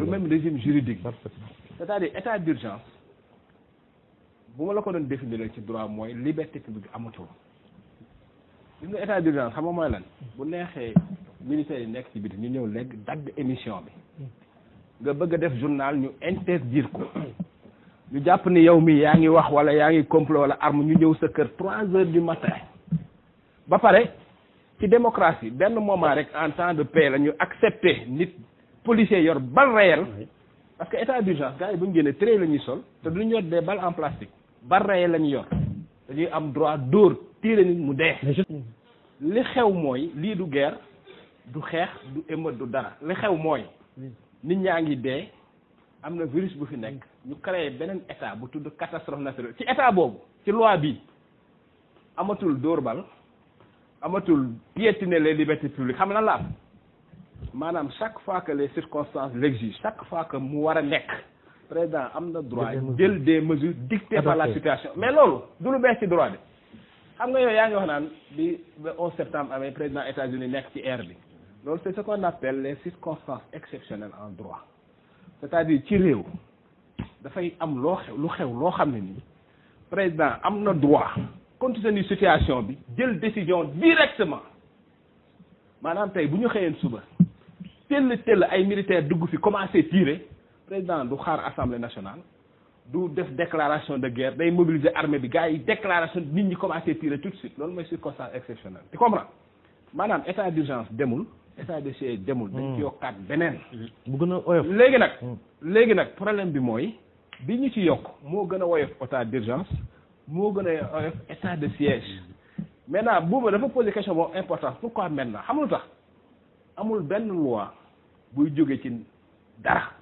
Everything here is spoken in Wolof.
le même régime juridique c'est-à-dire état d'urgence bu ma la ko doon définir ci droit mooy liberté publique amatul gis nga état d'urgence xam moy lan bu neexee ministère yi nekk ci biir ñu ñëw léegi dagg émission bi nga bëgg a def journal ñu interdire ko ñu jàpp ni yow mi yaa ngi wax wala yaa ngi complot wala arme ñu ñëw sa kër trois heures du matin ba pare ci démocratie benn moment rek en temps de paix la ñu accepter nit policiers yor bal réel parce que état d'urgence gars yi bu ñu génnee tëree la ñuy sol te du ñu yor des balles en plastique bal réel la ñuy yor dañuy am droit dóor tiire nit mu dee. li xew mooy lii du guerre du xeex du émeute du dara li xew mooy. nit ñaa ngi dee am na virus bu fi nekk ñu créé beneen état bu tudd catastrophe naturelle ci état boobu ci loi bi amatul dóor bal amatul piétiner les libertés publiques xam lan la am. maanaam chaque fois que les circonstances l'exigent chaque fois que mu war a nekk président am na droit jël des mesures dictées par la situation mais loolu du lu bees ci droit de xam nga yooyu yaa ngi wax naan bi ba onze septembre amee président États-Unis nekk ci air bi loolu c'est ce qu'on appelle les circonstances exceptionnelles en droit cest à ci réew dafay am loo xew lu xew loo xam ne nii président am na droit compte tenu situation bi jël décision directement maanaam tey bu ñu xëyeen suba tell tell ay militaire dugg fi commencé tirer président du xaar assemblée nationale du def déclaration de guerre day mobiliser armée bi gars yi déclaration nit ñi commencé tirer tout de suite loolu mooy circonstance exceptionnelle tu comprends maanaam état d'urgence demul état de siège demul dañ ci hmm. yokkaat beneen bu gën a oyof léegi nag hmm. léegi nag problème bi mooy bi ñu ci yokk moo gën a woyof état d'urgence moo gën a woyof état de siège maintenant boobu dafa poser question boobu importance pourquoi maintenant xam lu tax amul benn loi buy jóge cin dara